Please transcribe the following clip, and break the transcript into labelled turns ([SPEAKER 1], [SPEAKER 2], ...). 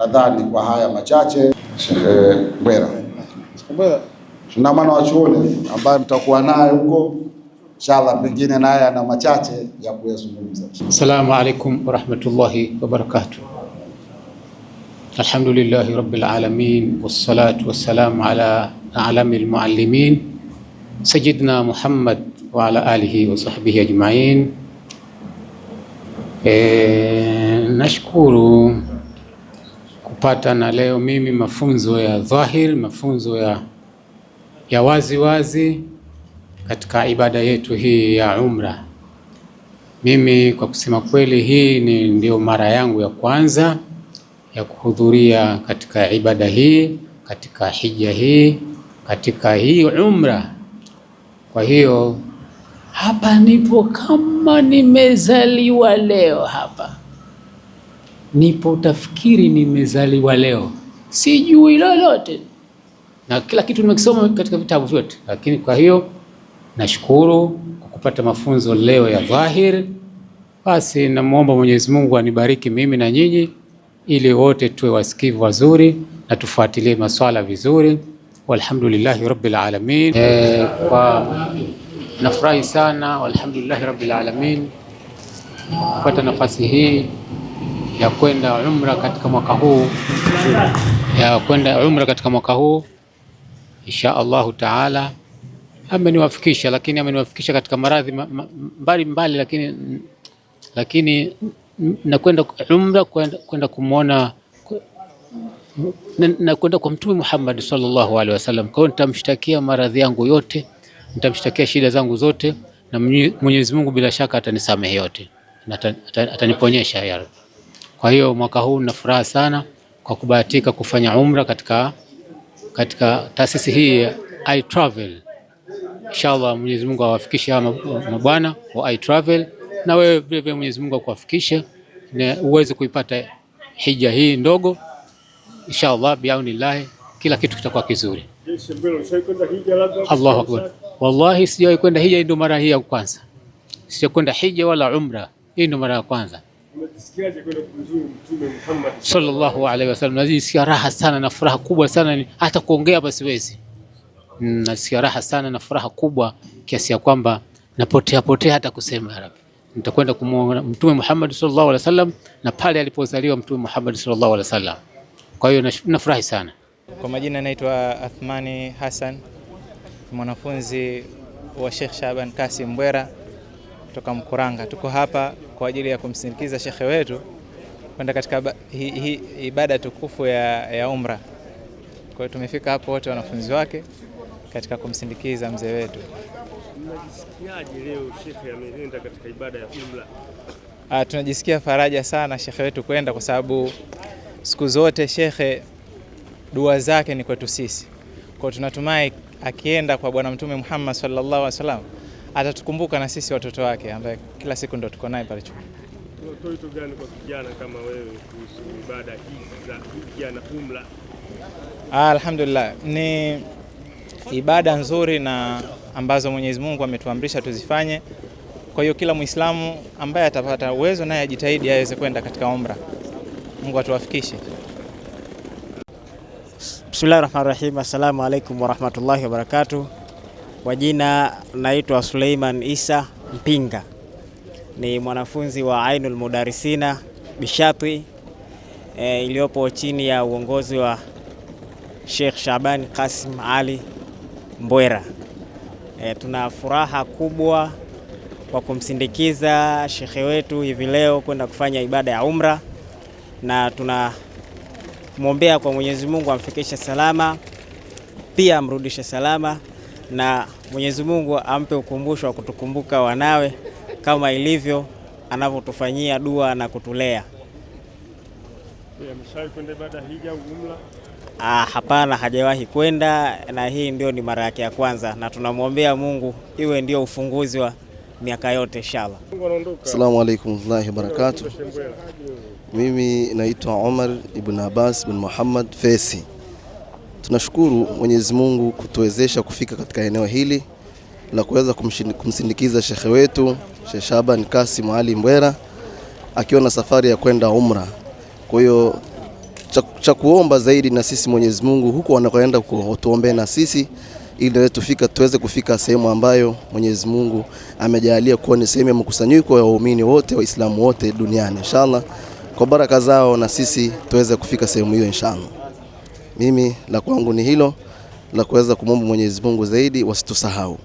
[SPEAKER 1] nadhani kwa haya machache Mbwera Shindamano wa chuoni ambaye mtakuwa naye huko inshallah, pengine naye ana machache ya kuyazungumza. Assalamu alaikum warahmatullahi wabarakatuh. Alhamdulillahi rabbil alamin wassalatu wassalamu ala alamil muallimin sayyidina Muhammad wa ala alihi wa sahbihi ajmain. E, nashukuru kupata na leo mimi mafunzo ya dhahir, mafunzo ya, ya wazi wazi katika ibada yetu hii ya umra. Mimi kwa kusema kweli, hii ni ndio mara yangu ya kwanza ya kuhudhuria katika ibada hii, katika hija hii, katika hii umra. Kwa hiyo hapa nipo kama nimezaliwa leo hapa nipo tafikiri nimezaliwa leo, sijui lolote na kila kitu nimekisoma katika vitabu vyote. Lakini kwa hiyo nashukuru kwa kupata mafunzo leo ya dhahir Basi namwomba Mwenyezi Mungu anibariki mimi na nyinyi, ili wote tuwe wasikivu wazuri na tufuatilie maswala vizuri. Walhamdulillahi rabbil alamin. E, kwa nafurahi sana walhamdulillahi rabbil alamin kupata nafasi hii ya kwenda umra katika mwaka huu ya kwenda umra katika mwaka huu insha Allahu taala. Ameniwafikisha, lakini ameniwafikisha katika maradhi mbali mbali, lakini lakini nakwenda umra kwenda kumwona nakwenda kwa Mtume Muhammad sallallahu alaihi wasallam. Kwa hiyo nitamshtakia maradhi yangu yote, nitamshtakia shida zangu zote, na Mwenyezi Mungu bila shaka atanisamehe yote na ataniponyesha ya Rabbi. Kwa hiyo mwaka huu nina furaha sana kwa kubahatika kufanya umra katika, katika taasisi hii ya I Travel. Inshallah Mwenyezi Mungu awafikishe hawa mabwana wa I Travel na wewe vile vile Mwenyezi Mungu akuwafikishe na uweze kuipata hija hii ndogo inshallah, biaunillahi kila kitu kitakuwa kizuri. Allahu akbar. Wallahi sijawahi kwenda hija, ndio mara hii ya kwanza sijakwenda hija wala umra, hii ndio mara ya kwanza sallallahu alaihi wasallam, najisikia raha sana na furaha kubwa sana, hata kuongea hapa siwezi. Nasikia raha sana na furaha kubwa kiasi ya kwamba napotea potea hata kusema ya nitakwenda kumwona Mtume Muhammad sallallahu alaihi wasallam na pale alipozaliwa Mtume Muhammad sallallahu alaihi wasallam. Kwa hiyo nafurahi sana.
[SPEAKER 2] Kwa majina naitwa Athmani Hassan, mwanafunzi wa Sheikh Shaban Kasim Mbwera kutoka Mkuranga. Tuko hapa kwa ajili ya kumsindikiza shekhe wetu kwenda katika hi, hi, ibada tukufu ya, ya umra. Kwa hiyo tumefika hapo wote wanafunzi wake katika kumsindikiza mzee wetu.
[SPEAKER 3] Unajisikiaje leo shekhe ameenda katika ibada ya umra?
[SPEAKER 2] Ah, tunajisikia faraja sana shekhe wetu kwenda, kwa sababu siku zote shekhe dua zake ni kwetu sisi. Kwa hiyo tunatumai akienda kwa Bwana Mtume Muhammad sallallahu alaihi wasallam atatukumbuka na sisi watoto wake, ambaye kila siku ndo tuko naye pale chuo.
[SPEAKER 3] Utoa wito gani kwa kijana kama wewe kuhusu ibada hizi za hija na umra?
[SPEAKER 2] Ah, alhamdulillah, ni ibada nzuri na ambazo Mwenyezi Mungu ametuamrisha tuzifanye. Kwa hiyo kila Muislamu ambaye atapata uwezo naye ajitahidi aweze kwenda katika umra. Mungu atuwafikishe.
[SPEAKER 4] Bismillahirrahmanirrahim. Rahmanir alaykum Assalamu rahmatullahi warahmatullahi wabarakatuh. Kwa jina naitwa Suleiman Isa Mpinga, ni mwanafunzi wa Ainul Mudarisina Bishatwi e, eh, iliyopo chini ya uongozi wa Sheikh Shaban Kasim Ali Mbwera. E, tuna furaha kubwa kwa kumsindikiza shekhe wetu hivi leo kwenda kufanya ibada ya umra, na tunamwombea kwa Mwenyezi Mungu amfikishe salama, pia amrudishe salama na Mwenyezi Mungu ampe ukumbusho wa kutukumbuka wanawe kama ilivyo anavyotufanyia dua na kutulea. Ah, hapana, hajawahi kwenda na hii ndio ni mara yake ya kwanza, na tunamwombea Mungu iwe ndio ufunguzi wa miaka yote inshallah.
[SPEAKER 5] Asalamu alaykum warahmatullahi wabarakatuh. Mimi naitwa Omar ibn Abbas bin Muhammad Fesi. Tunashukuru Mwenyezi Mungu kutuwezesha kufika katika eneo hili la kuweza kumsindikiza shekhe wetu Sheikh Shaban Kasim Ali Mbwera akiwa na safari ya kwenda umra. Kwa hiyo cha kuomba zaidi na sisi Mwenyezi Mungu huko wanakoenda kutuombea na sisi ili tufika tuweze kufika sehemu ambayo Mwenyezi Mungu amejalia kuwa ni sehemu ya mkusanyiko ya waumini wote Waislamu wote duniani, inshallah kwa baraka zao na sisi tuweze kufika sehemu hiyo inshallah. Mimi la kwangu ni hilo la kuweza kumwomba Mwenyezi Mungu zaidi, wasitusahau.